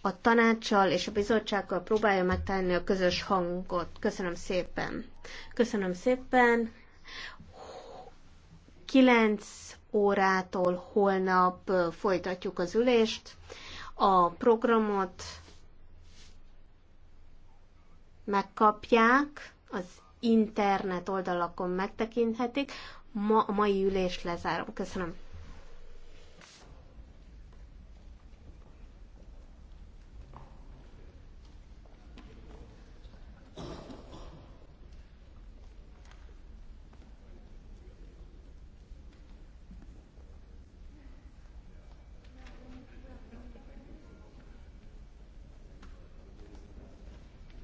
a tanácssal és a bizottsággal próbálja megtenni a közös hangot. Köszönöm szépen. Köszönöm szépen. 9 órától holnap folytatjuk az ülést. A programot megkapják, az internet oldalakon megtekinthetik. Ma a mai ülést lezárom. Köszönöm.